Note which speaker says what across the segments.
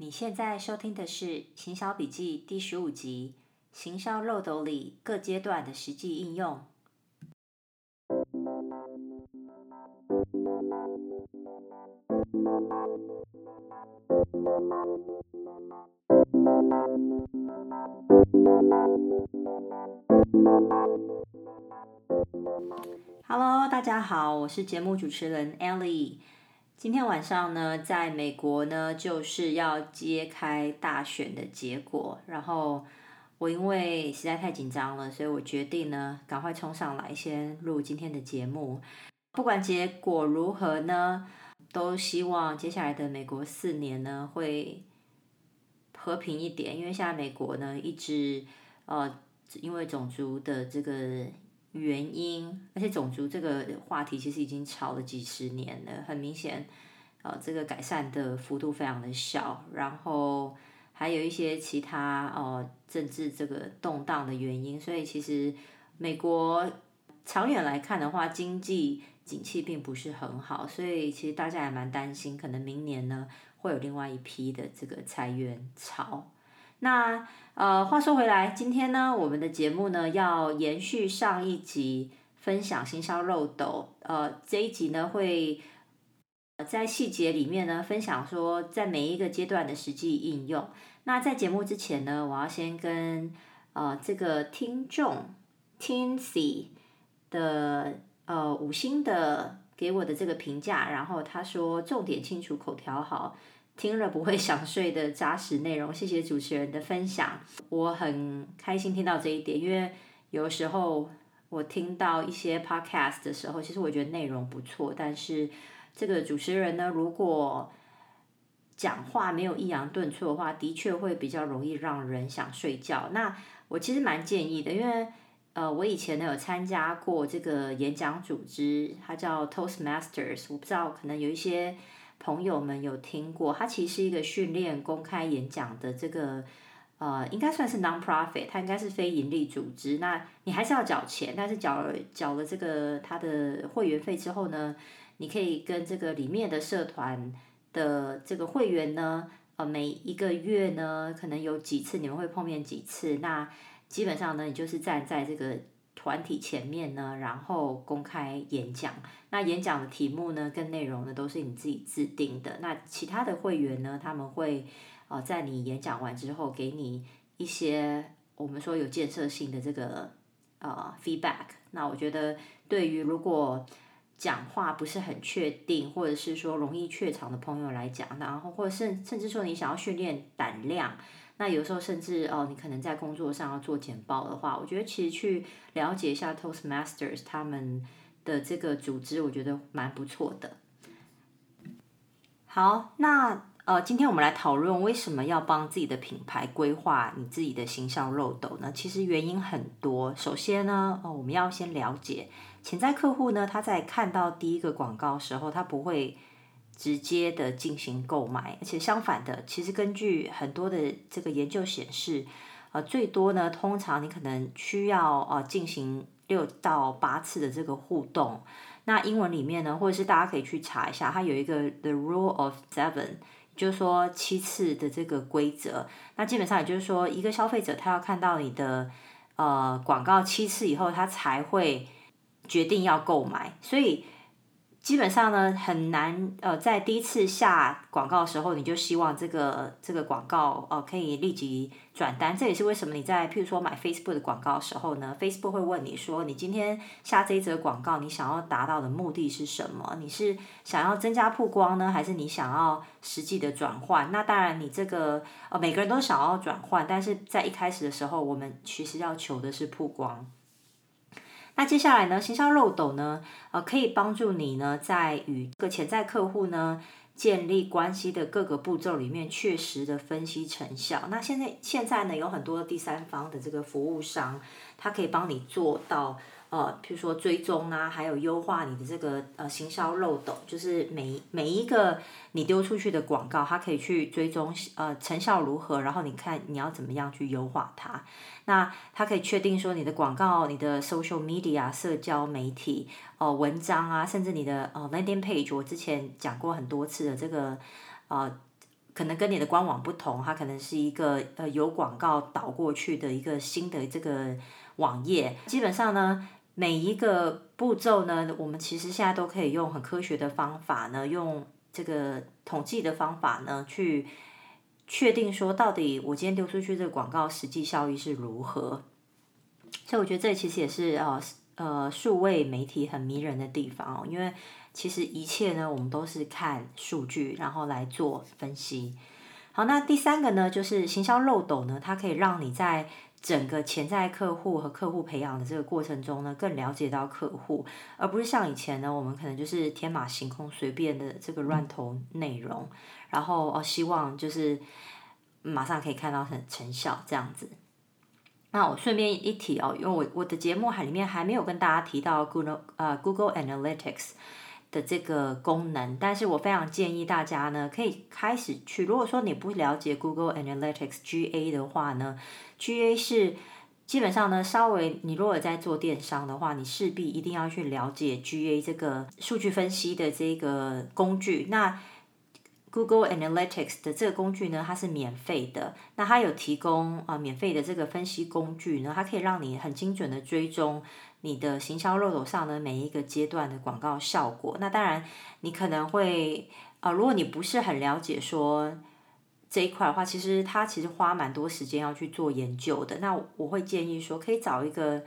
Speaker 1: 你現在收聽的是《行銷筆記》第十五集《行銷漏斗裡各階段的實際應用》。Hello，大家好，我是節目主持人 Ellie。今天晚上呢，在美國呢，就是要揭開大選的結果。然後我因為實在太緊張了，所以我決定呢，趕快衝上來先錄今天的節目。不管結果如何呢，都希望接下來的美國四年呢，會和平一點。因為現在美國呢，一直，呃，因為種族的這個。原因，而且種族這個話題其實已經吵了幾十年了，很明顯，呃，這個改善的幅度非常的小，然後還有一些其他哦、呃，政治這個動盪的原因，所以其實美國長遠來看的話，經濟景氣並不是很好，所以其實大家還蠻擔心，可能明年呢會有另外一批的這個裁員潮。那呃，話說回來，今天呢，我們的節目呢要延續上一集分享行銷漏斗，呃，這一集呢會在細節裡面呢分享說在每一個階段的實際應用。那在節目之前呢，我要先跟呃這個聽眾 Tincy 的呃五星的給我的這個評價，然後他說重點清楚，口條好。聽了不會想睡的扎實內容，謝謝主持人的分享。我很開心聽到這一點，因為有時候我聽到一些 podcast 的時候，其實我覺得內容不錯，但是這個主持人呢，如果講話沒有抑揚頓挫的話，的確會比較容易讓人想睡覺。那我其實蠻建議的，因為呃，我以前呢有參加過這個演講組織，它叫 Toastmasters，我不知道可能有一些。朋友們有聽過，它其實是一個訓練公開演講的這個呃，應該算是 non profit，它應該是非盈利組織。那你還是要繳錢，但是繳繳了這個它的會員費之後呢，你可以跟這個裡面的社團的這個會員呢，呃，每一個月呢，可能有幾次你們會碰面幾次。那基本上呢，你就是站在這個團體前面呢，然後公開演講，那演講的題目呢，跟內容呢都是你自己制定的。那其他的會員呢，他們會呃，在你演講完之後，給你一些我們說有建設性的這個呃 feedback。那我覺得對於如果講話不是很確定，或者是說容易怯場的朋友來講，然後或者甚甚至說你想要訓練膽量。那有時候甚至哦，你可能在工作上要做簡報的話，我覺得其實去了解一下 Toastmasters 他們的這個組織，我覺得蠻不錯的。好，那呃，今天我們來討論為什麼要幫自己的品牌規劃你自己的行銷漏斗呢？其實原因很多。首先呢，哦，我們要先了解潛在客戶呢，他在看到第一個廣告時候，他不會直接的進行購買，而且相反的，其實根據很多的這個研究顯示，呃，最多呢，通常你可能需要呃進行六到八次的這個互動。那英文裡面呢，或者是大家可以去查一下，它有一個 The Rule of Seven，就是說七次的這個規則。那基本上也就是說，一個消費者他要看到你的呃廣告七次以後，他才會決定要購買。所以，基本上呢，很難呃，在第一次下廣告的時候，你就希望這個這個廣告哦、呃、可以立即轉單。這也是為什麼你在譬如說買 Facebook 的廣告的時候呢，Facebook 會問你說，你今天下這一則廣告，你想要達到的目的是什麼？你是想要增加曝光呢，還是你想要實際的轉換？那當然，你這個呃，每個人都想要轉換，但是在一開始的時候，我們其實要求的是曝光。那接下來呢，行銷漏斗呢，呃，可以幫助你呢，在與這個潛在客戶呢建立關係的各個步驟裡面，確實的分析成效。那現在現在呢，有很多第三方的這個服務商，它可以幫你做到。呃，譬如說追蹤啊，還有優化你的這個呃行銷漏斗，就是每每一個你丟出去的廣告，它可以去追蹤呃成效如何，然後你看你要怎麼樣去優化它。那它可以確定說你的廣告、你的 social media 社交媒體、哦、呃、文章啊，甚至你的呃 landing page，我之前講過很多次的這個，呃，可能跟你的官網不同，它可能是一個呃由廣告導過去的一個新的這個網頁，基本上呢。每一個步驟呢，我們其實現在都可以用很科學的方法呢，用這個統計的方法呢，去確定說到底我今天丟出去這個廣告實際效益是如何。所以我覺得這其實也是啊呃數位媒體很迷人的地方，因為其實一切呢，我們都是看數據，然後來做分析。好，那第三個呢，就是行銷漏斗呢，它可以讓你在整個潛在客戶和客戶培養的這個過程中呢，更了解到客戶，而不是像以前呢，我們可能就是天馬行空、隨便的這個亂投內容，嗯、然後哦，希望就是馬上可以看到成成效這樣子。那我順便一提哦，因為我我的節目還裡面還沒有跟大家提到 Google，呃，Google Analytics。的這個功能，但是我非常建議大家呢，可以開始去。如果說你不了解 Google Analytics GA 的話呢，GA 是基本上呢，稍微你如果在做電商的話，你勢必一定要去了解 GA 這個數據分析的這個工具。那 Google Analytics 的這個工具呢，它是免費的，那它有提供啊免費的這個分析工具呢，它可以讓你很精準的追蹤。你的行銷漏斗上的每一個階段的廣告效果，那當然你可能會啊、呃，如果你不是很了解說這一塊的話，其實他其實花蠻多時間要去做研究的。那我會建議說，可以找一個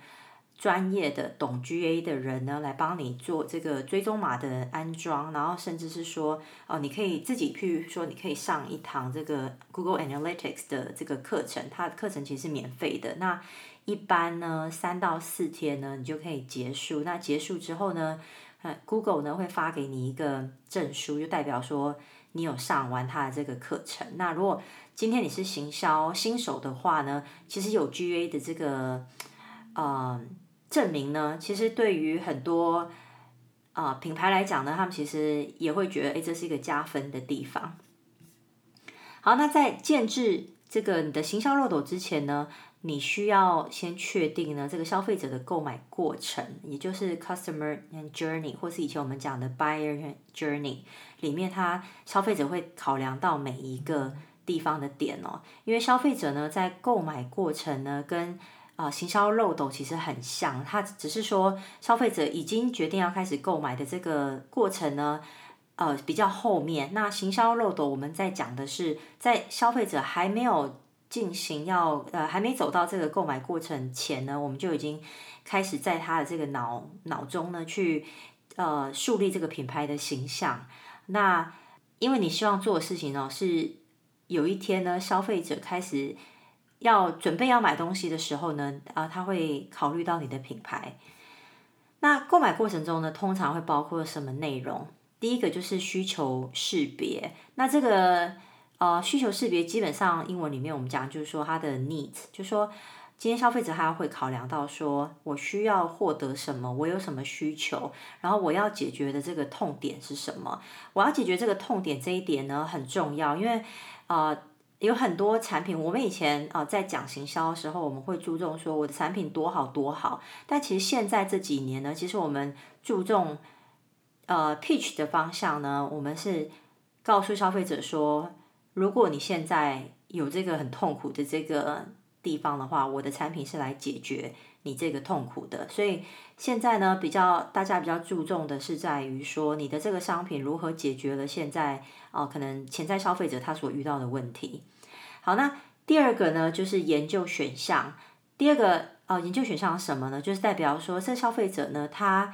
Speaker 1: 專業的懂 GA 的人呢來幫你做這個追蹤碼的安裝，然後甚至是說哦、呃，你可以自己，譬如說，你可以上一堂這個 Google Analytics 的這個課程，它的課程其實是免費的。那一般呢，三到四天呢，你就可以結束。那結束之後呢，嗯，Google 呢會發給你一個證書，就代表說你有上完它的這個課程。那如果今天你是行銷新手的話呢，其實有 GA 的這個呃證明呢，其實對於很多啊，呃，品牌來講呢，他們其實也會覺得，誒，這是一個加分的地方。好，那在建置這個你的行銷漏斗之前呢，你需要先確定呢，這個消費者的購買過程，也就是 customer journey 或是以前我們講的 buyer journey 裡面，它消費者會考量到每一個地方的點哦。因為消費者呢，在購買過程呢，跟啊、呃、行銷漏鬥其實很像，它只是說消費者已經決定要開始購買的這個過程呢，呃，比較後面。那行銷漏鬥我們在講的是，在消費者還沒有。進行要呃還沒走到這個購買過程前呢，我們就已經開始在他的這個腦腦中呢去呃樹立這個品牌的形象。那因為你希望做的事情呢，是有一天呢消費者開始要準備要買東西的時候呢啊，呃，他會考慮到你的品牌。那購買過程中呢，通常會包括什麼內容？第一個就是需求識別。那這個。呃，需求識別基本上英文裡面我們講就是說它的 needs，就是說今天消費者他會考量到說我需要獲得什麼，我有什麼需求，然後我要解決的這個痛點是什麼？我要解決這個痛點這一點呢很重要，因為，呃，有很多產品，我們以前啊，呃，在講行銷的時候，我們會注重說我的產品多好多好，但其實現在這幾年呢，其實我們注重呃 pitch 的方向呢，我們是告訴消費者說。如果你現在有這個很痛苦的這個地方的話，我的產品是來解決你這個痛苦的。所以現在呢，比較大家比較注重的是在於說，你的這個商品如何解決了現在哦、呃，可能潛在消費者他所遇到的問題。好，那第二個呢，就是研究選項。第二個哦、呃，研究選項是什麼呢？就是代表說，這消費者呢，他。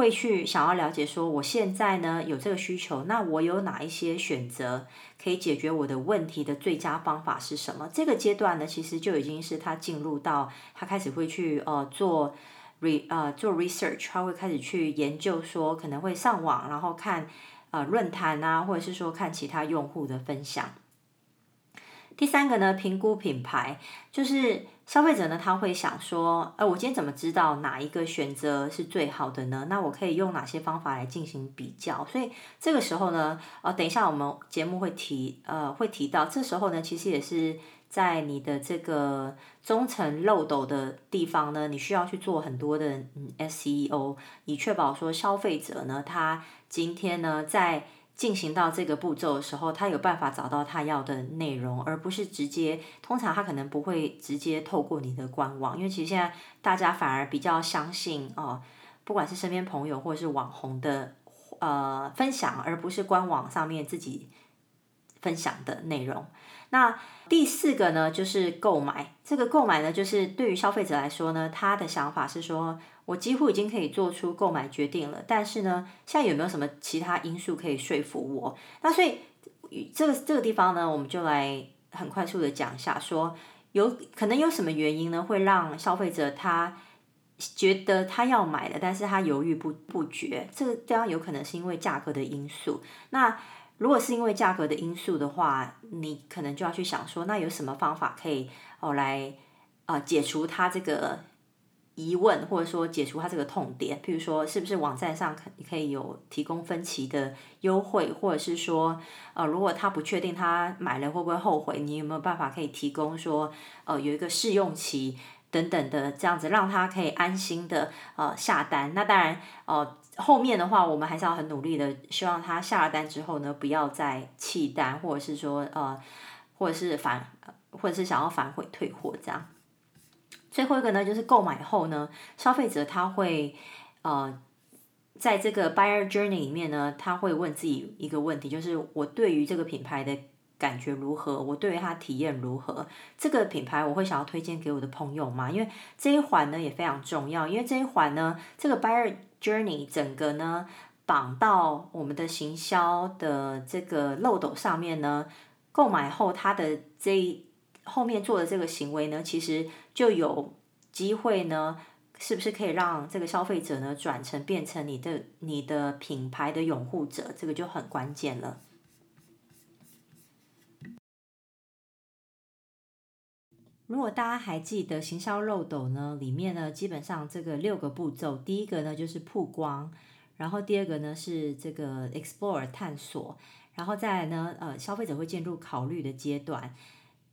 Speaker 1: 會去想要了解說，我現在呢有這個需求，那我有哪一些選擇可以解決我的問題的最佳方法是什麼？這個階段呢，其實就已經是他進入到他開始會去呃做 re 呃做 research，他會開始去研究說可能會上網，然後看呃論壇啊，或者是說看其他用戶的分享。第三個呢，評估品牌就是。消費者呢，他會想說，呃，我今天怎麼知道哪一個選擇是最好的呢？那我可以用哪些方法來進行比較？所以這個時候呢，呃，等一下我們節目會提，呃，會提到，這時候呢，其實也是在你的這個中層漏斗的地方呢，你需要去做很多的嗯 SEO，以確保說消費者呢，他今天呢在。進行到這個步驟的時候，他有辦法找到他要的內容，而不是直接。通常他可能不會直接透過你的官網，因為其實現在大家反而比較相信哦，不管是身邊朋友或是網紅的呃分享，而不是官網上面自己分享的內容。那第四個呢，就是購買。這個購買呢，就是對於消費者來說呢，他的想法是說，我幾乎已經可以做出購買決定了。但是呢，現在有沒有什麼其他因素可以說服我？那所以這個這個地方呢，我們就來很快速的講一下說，說有可能有什麼原因呢，會讓消費者他覺得他要買的，但是他猶豫不不決。這個地方有可能是因為價格的因素。那如果是因為價格的因素的話，你可能就要去想說，那有什麼方法可以哦來啊、呃、解除他這個疑問，或者說解除他這個痛點。譬如說，是不是網站上可可以有提供分期的優惠，或者是說，呃，如果他不確定他買了會不會後悔，你有沒有辦法可以提供說，呃，有一個試用期。等等的這樣子，讓他可以安心的呃下單。那當然呃後面的話我們還是要很努力的，希望他下了單之後呢，不要再棄單，或者是說呃，或者是反，或者是想要反悔退貨這樣。最後一個呢，就是購買後呢，消費者他會呃，在這個 buyer journey 裡面呢，他會問自己一個問題，就是我對於這個品牌的。感覺如何？我對於它體驗如何？這個品牌我會想要推薦給我的朋友嗎？因為這一環呢也非常重要。因為這一環呢，這個 buyer journey 整個呢綁到我們的行銷的這個漏斗上面呢，購買後它的這後面做的這個行為呢，其實就有機會呢，是不是可以讓這個消費者呢轉成變成你的你的品牌的擁護者？這個就很關鍵了。如果大家還記得行銷漏斗呢，裡面呢基本上這個六個步驟，第一個呢就是曝光，然後第二個呢是這個 explore 探索，然後再來呢呃消費者會進入考慮的階段，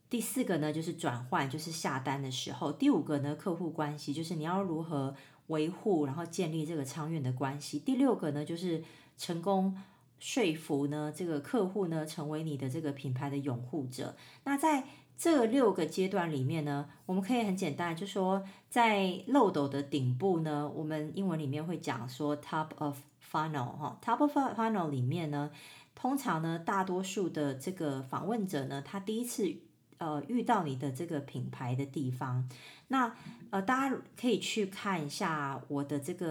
Speaker 1: 第四個呢就是轉換，就是下單的時候，第五個呢客戶關係就是你要如何維護，然後建立這個長遠的關係，第六個呢就是成功說服呢這個客戶呢成為你的這個品牌的擁護者，那在這六個階段裡面呢，我們可以很簡單，就是說在漏斗的頂部呢，我們英文裡面會講說 top of funnel 哈，哦，top of funnel 裡面呢，通常呢，大多數的這個訪問者呢，他第一次呃遇到你的這個品牌的地方，那呃大家可以去看一下我的這個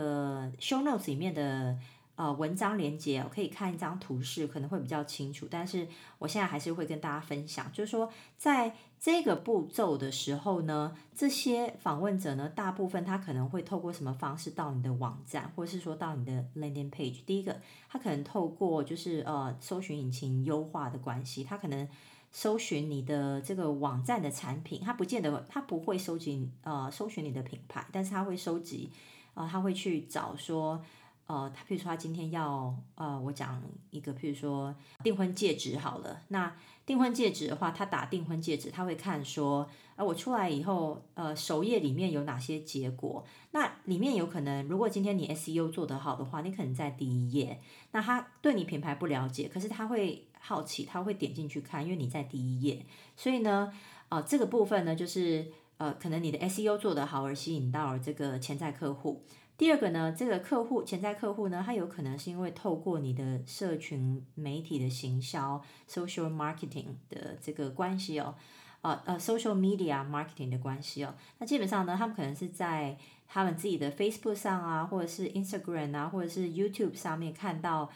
Speaker 1: show notes 裡面的。呃，文章連結我可以看一張圖示，可能會比較清楚。但是我現在還是會跟大家分享，就是說，在這個步驟的時候呢，這些訪問者呢，大部分他可能會透過什麼方式到你的網站，或是說到你的 landing page。第一個，他可能透過就是呃，搜尋引擎優化的關係，他可能搜尋你的這個網站的產品，他不見得，他不會搜集呃搜尋你的品牌，但是他會搜集啊，呃，他會去找說。呃，他譬如說，他今天要呃，我講一個譬如說訂婚戒指好了。那訂婚戒指的話，他打訂婚戒指，他會看說，啊，我出來以後，呃，首頁裡面有哪些結果？那裡面有可能，如果今天你 S E O 做得好的話，你可能在第一頁。那他對你品牌不了解，可是他會好奇，他會點進去看，因為你在第一頁。所以呢，呃，這個部分呢，就是呃，可能你的 S E O 做得好而吸引到了這個潛在客戶。第二個呢，這個客戶潛在客戶呢，他有可能是因為透過你的社群媒體的行銷 （social marketing） 的這個關係哦，呃呃、啊，social media marketing 的關係哦。那基本上呢，他們可能是在他們自己的 Facebook 上啊，或者是 Instagram 啊，或者是 YouTube 上面看到，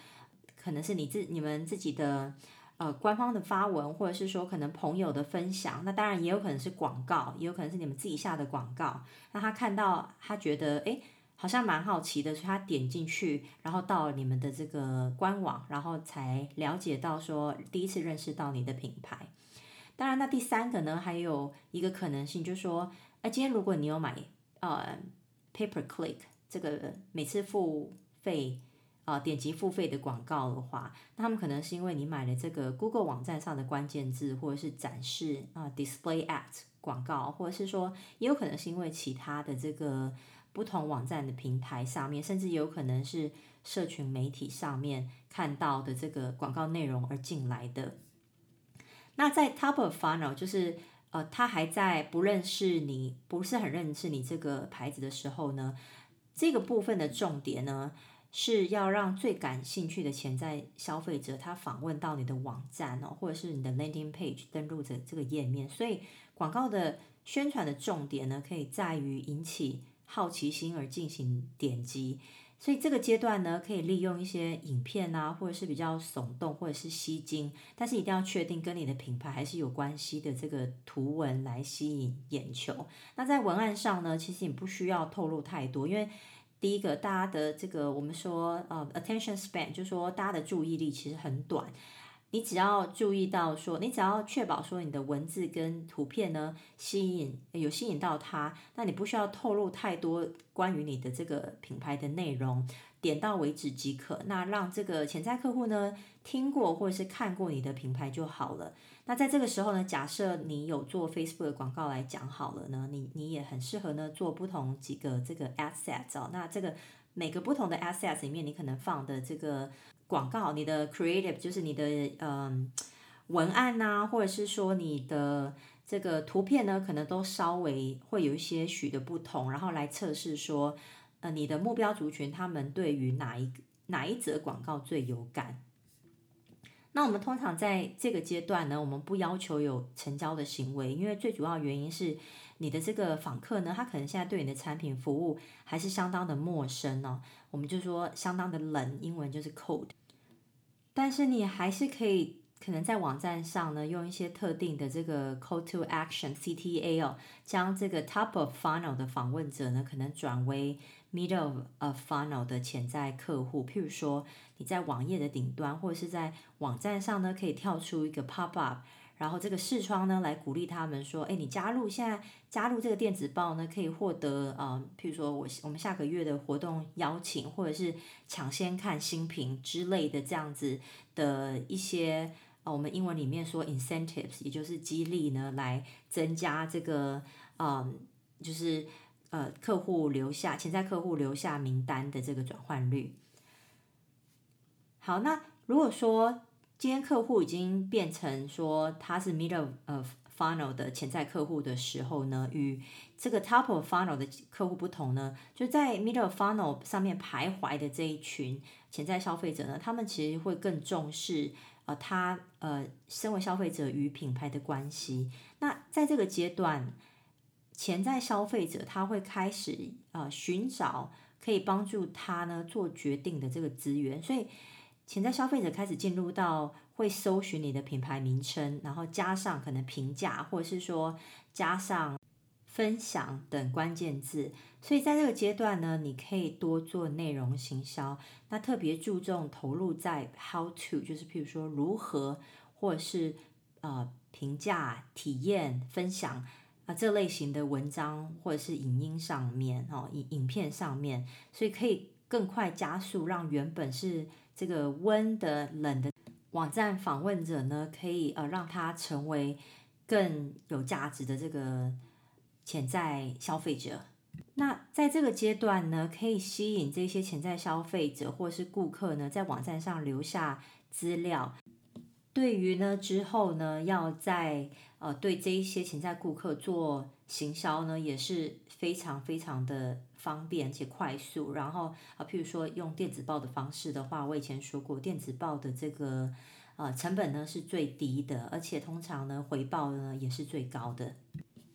Speaker 1: 可能是你自你們自己的呃官方的發文，或者是說可能朋友的分享。那當然也有可能是廣告，也有可能是你們自己下的廣告。那他看到他覺得，誒。好像蠻好奇的，所以他點進去，然後到了你們的這個官網，然後才了解到說第一次認識到你的品牌。當然，那第三個呢，還有一個可能性就是說，哎，今天如果你有買呃，pay per click 這個每次付費啊，呃，點擊付費的廣告的話，那他們可能是因為你買了這個 Google 網站上的關鍵字，或者是展示啊，呃，display ad 廣告，或者是說也有可能是因為其他的這個。不同網站的平台上面，甚至有可能是社群媒體上面看到的這個廣告內容而進來的。那在 Top of Funnel，就是呃，他還在不認識你，不是很認識你這個牌子的時候呢，這個部分的重點呢，是要讓最感興趣的潛在消費者他訪問到你的網站哦，或者是你的 Landing Page 登錄的這個頁面。所以廣告的宣傳的重點呢，可以在於引起。好奇心而進行點擊，所以這個階段呢，可以利用一些影片啊，或者是比較聳動或者是吸睛，但是一定要確定跟你的品牌還是有關係的這個圖文來吸引眼球。那在文案上呢，其實你不需要透露太多，因為第一個大家的這個我們說呃、uh, attention span 就是說大家的注意力其實很短。你只要注意到說，你只要確保說你的文字跟圖片呢，吸引，有吸引到他，那你不需要透露太多關於你的這個品牌的內容，點到為止即可。那讓這個潛在客戶呢，聽過或者是看過你的品牌就好了。那在這個時候呢，假設你有做 Facebook 的廣告來講好了呢，你你也很適合呢，做不同幾個這個 asset 哦，那這個。每個不同的 assets 裡面，你可能放的這個廣告，你的 creative 就是你的嗯、呃、文案吶、啊，或者是說你的這個圖片呢，可能都稍微會有一些許的不同，然後來測試說，呃，你的目標族群他們對於哪一個哪一則廣告最有感。那我們通常在這個階段呢，我們不要求有成交的行為，因為最主要的原因是。你的這個訪客呢，他可能現在對你的產品服務還是相當的陌生呢，哦，我們就說相當的冷，英文就是 cold。但是你還是可以，可能在網站上呢，用一些特定的這個 call to action CTA 哦，將這個 top of funnel 的訪問者呢，可能轉為 middle of funnel 的潛在客戶。譬如說你在網頁的頂端或者是在網站上呢，可以跳出一個 pop up。然後這個視窗呢，來鼓勵他們說，哎，你加入現在加入這個電子報呢，可以獲得呃，譬如說我我們下個月的活動邀請，或者是搶先看新品之類的這樣子的一些呃，我們英文裡面說 incentives，也就是激勵呢，來增加這個嗯、呃，就是呃客戶留下潛在客戶留下名單的這個轉換率。好，那如果說。今天客戶已經變成說他是 middle of funnel 的潛在客戶的時候呢，與這個 top of funnel 的客戶不同呢，就在 middle of funnel 上面徘徊的這一群潛在消費者呢，他們其實會更重視呃，他呃，身為消費者與品牌的關係。那在這個階段，潛在消費者他會開始呃尋找可以幫助他呢做決定的這個資源，所以。潛在消費者開始進入到會搜尋你的品牌名稱，然後加上可能評價，或者是說加上分享等關鍵字。所以在這個階段呢，你可以多做內容行銷，那特別注重投入在 How to，就是譬如說如何，或者是呃評價、體驗、分享啊這類型的文章或者是影音上面哦，影影片上面，所以可以更快加速讓原本是。這個溫的冷的網站訪問者呢，可以呃讓他成為更有價值的這個潛在消費者。那在這個階段呢，可以吸引這些潛在消費者或是顧客呢，在網站上留下資料。對於呢之後呢，要在呃對這一些潛在顧客做行銷呢，也是非常非常的。方便且快速，然後啊，譬如說用電子報的方式的話，我以前說過，電子報的這個呃成本呢是最低的，而且通常呢回報呢也是最高的。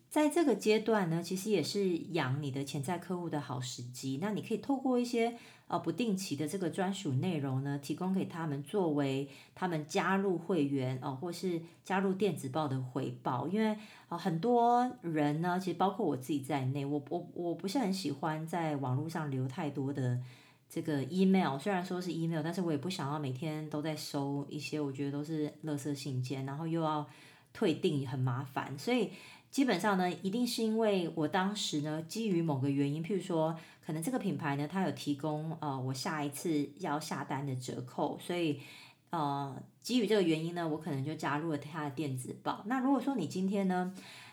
Speaker 1: 在這個階段呢，其實也是養你的潛在客戶的好時機。那你可以透過一些。呃不定期的這個專屬內容呢，提供給他們作為他們加入會員哦、呃，或是加入電子報的回報。因為啊、呃，很多人呢，其實包括我自己在內，我我我不是很喜歡在網絡上留太多的這個 email。雖然說是 email，但是我也不想要每天都在收一些我覺得都是垃圾信件，然後又要退訂很麻煩，所以。基本上呢，一定是因為我當時呢，基於某個原因，譬如說，可能這個品牌呢，它有提供呃，我下一次要下單的折扣，所以呃，基於這個原因呢，我可能就加入了它的電子報。那如果說你今天呢，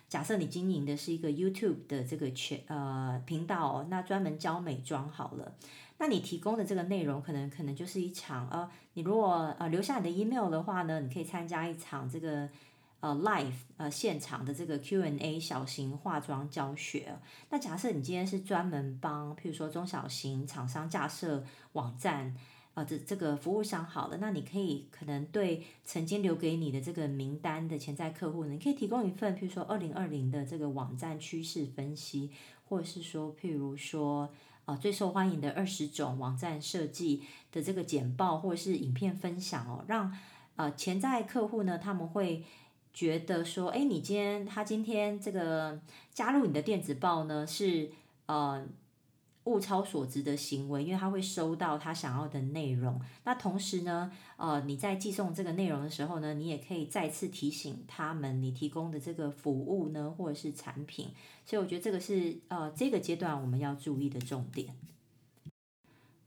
Speaker 1: 假設你經營的是一個 YouTube 的這個全呃頻道，哦，那專門教美妝好了，那你提供的這個內容可能可能就是一場呃，你如果呃留下你的 email 的話呢，你可以參加一場這個。呃，Live 呃，現場的這個 Q&A 小型化妝教學。那假設你今天是專門幫，譬如說中小型廠商架設網站，呃，這這個服務商好了，那你可以可能對曾經留給你的這個名單的潛在客戶呢，你可以提供一份譬如說二零二零的這個網站趨勢分析，或者是說譬如說呃最受歡迎的二十種網站設計的這個簡報或者是影片分享哦，讓呃潛在客戶呢他們會，覺得說，哎，你今天他今天這個加入你的電子報呢，是呃物超所值的行為，因為他會收到他想要的內容。那同時呢，呃，你在寄送這個內容的時候呢，你也可以再次提醒他們你提供的這個服務呢，或者是產品。所以我覺得這個是呃這個階段我們要注意的重點。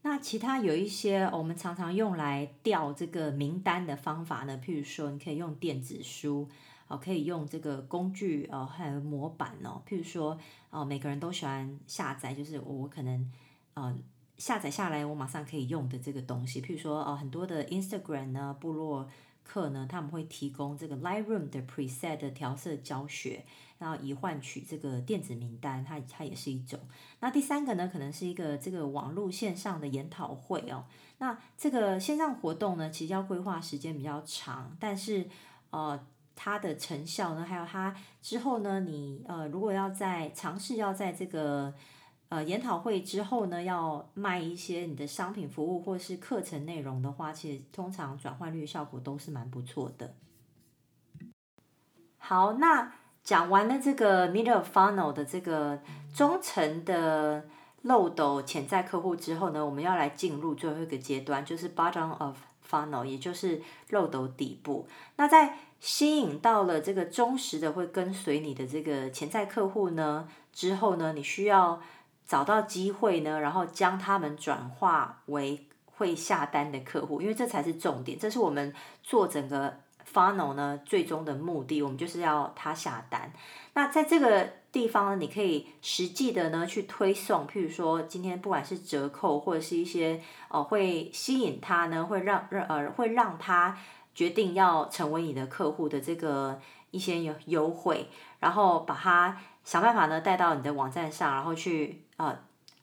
Speaker 1: 那其他有一些我們常常用來調這個名單的方法呢，譬如說，你可以用電子書，哦，可以用這個工具，哦，還有模板哦。譬如說，哦，每個人都喜歡下載，就是我可能，呃，下載下來我馬上可以用的這個東西。譬如說，哦，很多的 Instagram 呢、部落客呢，他們會提供這個 Lightroom 的 preset 的調色教學，然後以換取這個電子名單，它它也是一種。那第三個呢，可能是一個這個網路線上的研討會哦。那這個線上活動呢，其實要規劃時間比較長，但是呃，它的成效呢，還有它之後呢，你呃，如果要在嘗試要在這個呃研討會之後呢，要賣一些你的商品、服務或是課程內容的話，其實通常轉換率效果都是蠻不錯的。好，那。講完了這個 middle of funnel 的這個中層的漏斗潛在客戶之後呢，我們要來進入最後一個階段，就是 bottom of funnel，也就是漏斗底部。那在吸引到了這個忠實的會跟隨你的這個潛在客戶呢之後呢，你需要找到機會呢，然後將他們轉化為會下單的客戶，因為這才是重點，這是我們做整個。Final 呢，最終的目的，我們就是要他下單。那在這個地方呢，你可以實際的呢去推送，譬如說今天不管是折扣或者是一些哦、呃、會吸引他呢，會讓呃，會讓他決定要成為你的客戶的這個一些優惠，然後把他想辦法呢帶到你的網站上，然後去呃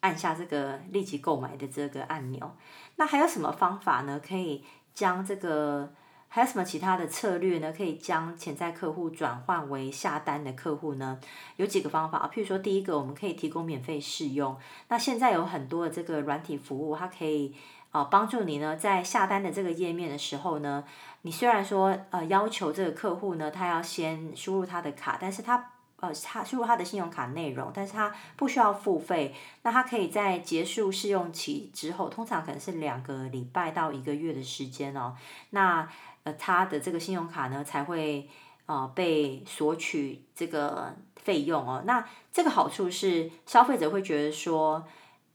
Speaker 1: 按下這個立即購買的這個按鈕。那還有什麼方法呢？可以將這個。還有什麼其他的策略呢？可以將潛在客戶轉換為下單的客戶呢？有幾個方法啊，譬如說，第一個，我們可以提供免費試用。那現在有很多的這個軟體服務，它可以啊、呃、幫助你呢，在下單的這個頁面的時候呢，你雖然說呃要求這個客戶呢，他要先輸入他的卡，但是他呃，他輸入他的信用卡內容，但是他不需要付費。那他可以在結束試用期之後，通常可能是兩個禮拜到一個月的時間哦。那呃，他的這個信用卡呢，才會呃被索取這個費用哦。那這個好處是消費者會覺得說，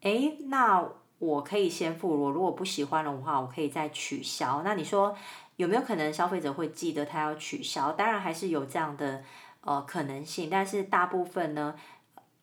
Speaker 1: 哎，那我可以先付我，我如果不喜歡的話，我可以再取消。那你說有沒有可能消費者會記得他要取消？當然還是有這樣的。呃，可能性，但是大部分呢，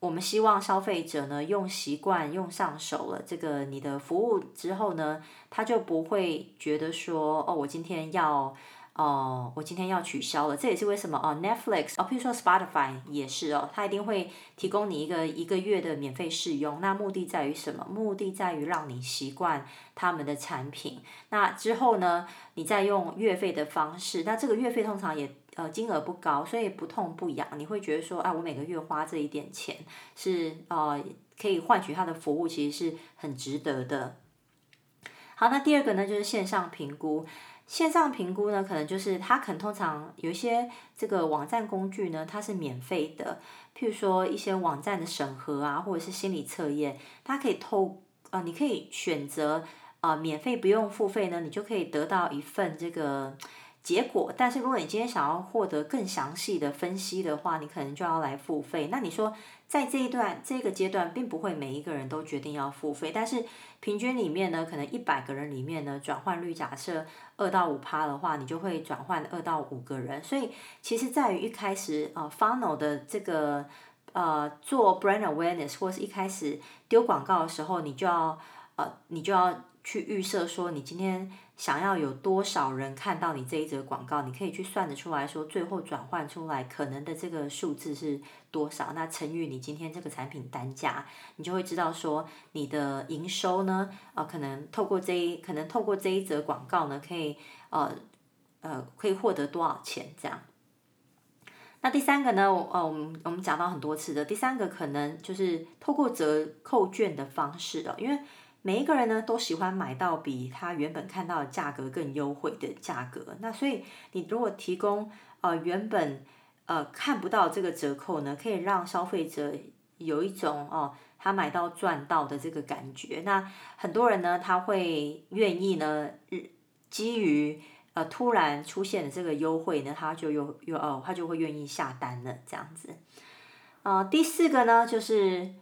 Speaker 1: 我們希望消費者呢用習慣、用上手了這個你的服務之後呢，他就不會覺得說哦，我今天要哦、呃，我今天要取消了。這也是為什麼哦，Netflix 哦，比如說 Spotify 也是哦，它一定會提供你一個一個月的免費試用。那目的在於什麼？目的在於讓你習慣他們的產品。那之後呢，你再用月費的方式，那這個月費通常也。呃，金額不高，所以不痛不癢。你會覺得說，啊，我每個月花這一點錢是呃，可以換取他的服務，其實是很值得的。好，那第二個呢，就是線上評估。線上評估呢，可能就是它可能通常有一些這個網站工具呢，它是免費的。譬如說一些網站的審核啊，或者是心理測驗，它可以透啊、呃，你可以選擇啊、呃，免費不用付費呢，你就可以得到一份這個。結果，但是如果你今天想要獲得更詳細的分析的話，你可能就要來付費。那你說，在這一段這個階段，並不會每一個人都決定要付費，但是平均裡面呢，可能一百個人裡面呢，轉換率假設二到五趴的話，你就會轉換二到五個人。所以其實，在於一開始呃，funnel 的這個呃，做 brand awareness 或是一開始丟廣告的時候，你就要呃，你就要去預設說，你今天。想要有多少人看到你這一則廣告，你可以去算得出來說，說最後轉換出來可能的這個數字是多少？那乘以你今天這個產品單價，你就會知道說你的營收呢，啊、呃，可能透過這一，可能透過這一則廣告呢，可以，呃，呃，可以獲得多少錢？這樣。那第三個呢，呃，我們我們講到很多次的第三個，可能就是透過折扣券的方式哦，因為。每一個人呢，都喜歡買到比他原本看到的價格更優惠的價格。那所以，你如果提供呃原本呃看不到這個折扣呢，可以讓消費者有一種哦，他買到賺到的這個感覺。那很多人呢，他會願意呢，基於呃突然出現的這個優惠呢，他就又又哦，他就會願意下單了這樣子。呃，第四個呢，就是。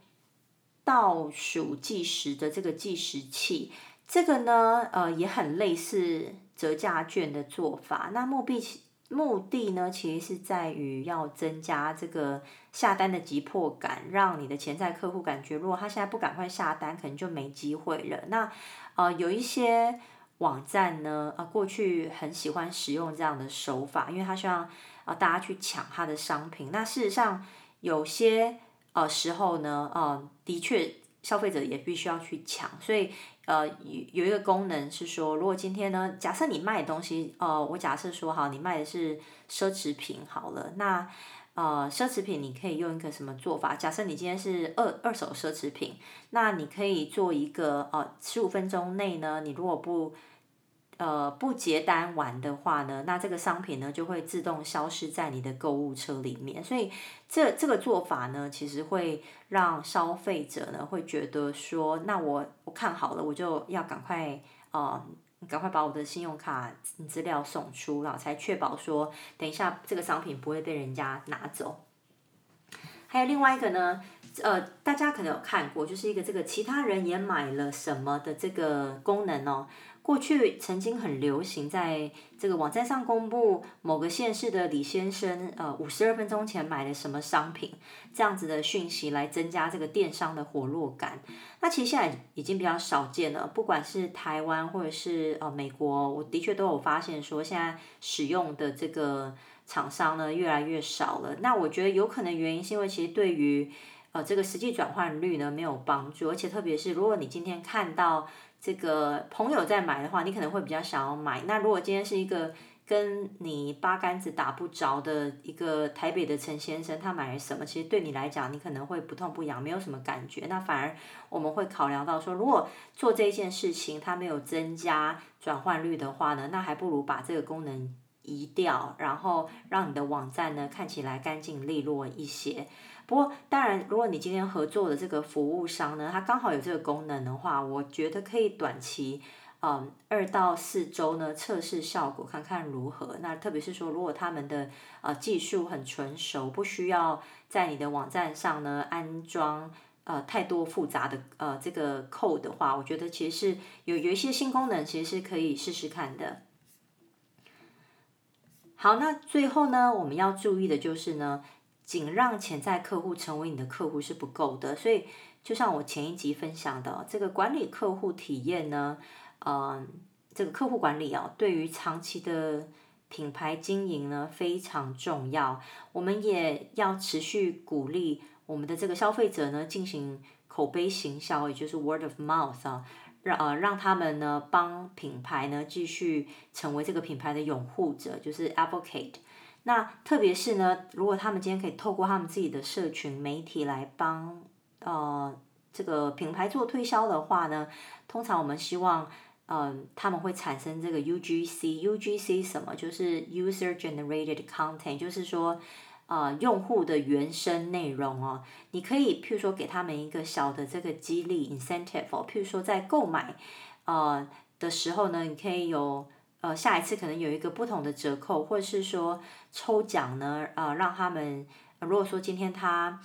Speaker 1: 倒數計時的這個計時器，這個呢，呃，也很類似折價券的做法。那目的目的呢，其實是在於要增加這個下單的急迫感，讓你的潛在客戶感覺，如果他現在不趕快下單，可能就沒機會了。那呃，有一些網站呢，啊、呃，過去很喜歡使用這樣的手法，因為他希望啊，大家去搶他的商品。那事實上，有些呃，時候呢，呃，的確，消費者也必須要去搶，所以呃，有有一個功能是說，如果今天呢，假設你賣的東西，呃，我假設說哈，你賣的是奢侈品好了，那呃，奢侈品你可以用一個什麼做法？假設你今天是二二手奢侈品，那你可以做一個呃，十五分鐘內呢，你如果不。呃，不結單完的話呢，那這個商品呢就會自動消失在你的購物車裡面。所以這這個做法呢，其實會讓消費者呢會覺得說，那我我看好了，我就要趕快呃，趕快把我的信用卡資料送出，然後才確保說，等一下這個商品不會被人家拿走。還有另外一個呢，呃，大家可能有看過，就是一個這個其他人也買了什麼的這個功能哦。過去曾經很流行，在這個網站上公布某個縣市的李先生，呃，五十二分鐘前買了什麼商品，這樣子的訊息來增加這個電商的活絡感。那其實現在已經比較少見了，不管是台灣或者是呃美國，我的確都有發現說，現在使用的這個廠商呢越來越少了。那我覺得有可能原因是因為其實對於呃這個實際轉換率呢沒有幫助，而且特別是如果你今天看到。這個朋友在買的話，你可能會比較想要買。那如果今天是一個跟你八竿子打不着的一個台北的陳先生，他買了什麼？其實對你來講，你可能會不痛不癢，沒有什麼感覺。那反而我們會考量到說，如果做這件事情，他沒有增加轉換率的話呢，那還不如把這個功能移掉，然後讓你的網站呢看起來乾淨利落一些。不過，當然，如果你今天合作的這個服務商呢，它剛好有這個功能的話，我覺得可以短期，嗯，二到四周呢測試效果，看看如何。那特別是說，如果他們的呃技術很純熟，不需要在你的網站上呢安裝呃太多複雜的呃這個 code 的話，我覺得其實是有有一些新功能，其實是可以試試看的。好，那最後呢，我們要注意的就是呢。僅讓潛在客戶成為你的客戶是不夠的，所以就像我前一集分享的，這個管理客戶體驗呢，嗯、呃，這個客戶管理啊，對於長期的品牌經營呢非常重要。我們也要持續鼓勵我們的這個消費者呢進行口碑行銷，也就是 word of mouth 啊，讓呃讓他們呢幫品牌呢繼續成為這個品牌的擁護者，就是 advocate。那特別是呢，如果他們今天可以透過他們自己的社群媒體來幫呃這個品牌做推銷的話呢，通常我們希望嗯、呃、他們會產生這個 UGC，UGC 什麼就是 User Generated Content，就是說啊、呃、用戶的原生內容哦，你可以譬如說給他們一個小的這個激勵 incentive 哦，譬如說在購買呃的時候呢，你可以有。呃，下一次可能有一個不同的折扣，或者是說抽獎呢，呃，讓他們如果說今天他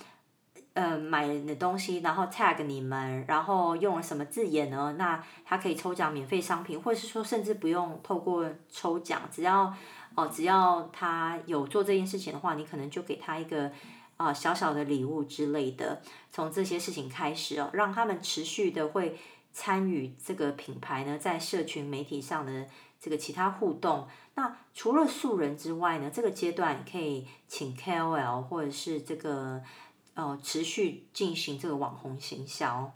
Speaker 1: 呃買的東西，然後 tag 你們，然後用了什麼字眼呢？那他可以抽獎免費商品，或者是說甚至不用透過抽獎，只要哦、呃，只要他有做這件事情的話，你可能就給他一個啊、呃、小小的禮物之類的。從這些事情開始哦，讓他們持續的會參與這個品牌呢，在社群媒體上的。這個其他互動，那除了素人之外呢，這個階段你可以請 KOL 或者是這個哦、呃，持續進行這個網紅行銷。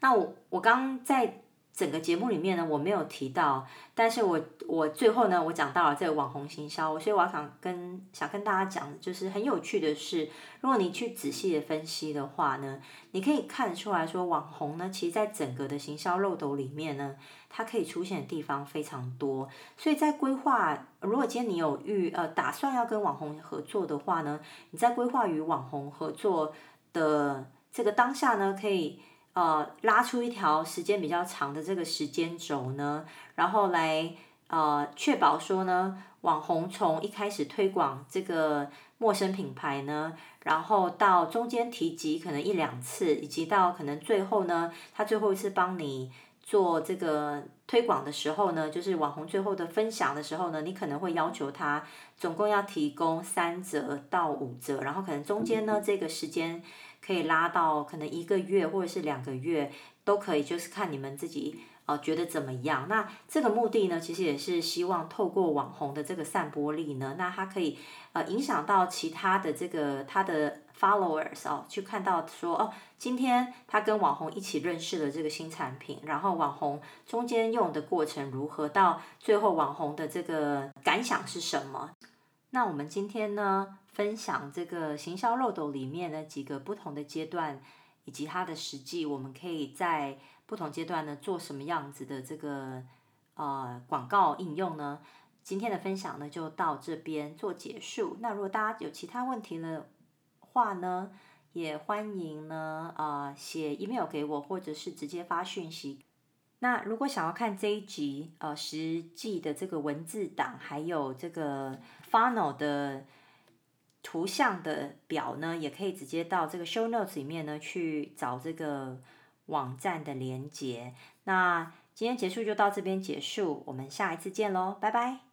Speaker 1: 那我我剛在整個節目裡面呢，我沒有提到，但是我我最後呢，我講到了這個網紅行銷，所以我想跟想跟大家講，就是很有趣的是，如果你去仔細的分析的話呢，你可以看出來說，網紅呢，其實在整個的行銷漏斗裡面呢，它可以出現的地方非常多，所以在規劃，如果今天你有預呃打算要跟網紅合作的話呢，你在規劃與網紅合作的這個當下呢，可以。呃，拉出一條時間比較長的這個時間軸呢，然後來呃確保說呢，網紅從一開始推廣這個陌生品牌呢，然後到中間提及可能一兩次，以及到可能最後呢，他最後一次幫你做這個推廣的時候呢，就是網紅最後的分享的時候呢，你可能會要求他總共要提供三則到五則，然後可能中間呢這個時間。可以拉到可能一個月或者是兩個月都可以，就是看你們自己哦，呃，覺得怎麼樣？那這個目的呢，其實也是希望透過網紅的這個散播力呢，那它可以呃影響到其他的這個他的 followers 哦，去看到說哦，今天他跟網紅一起認識了這個新產品，然後網紅中間用的過程如何，到最後網紅的這個感想是什麼？那我們今天呢，分享這個行銷漏斗裡面的幾個不同的階段，以及它的實際，我們可以在不同階段呢做什麼樣子的這個呃廣告應用呢？今天的分享呢就到這邊做結束。那如果大家有其他問題的話呢，也歡迎呢啊，呃，寫 email 給我，或者是直接發訊息。那如果想要看這一集呃實際的這個文字檔，還有這個 funnel 的圖像的表呢，也可以直接到這個 show notes 裡面呢去找這個網站的連接。那今天結束就到這邊結束，我們下一次見嘍，拜拜。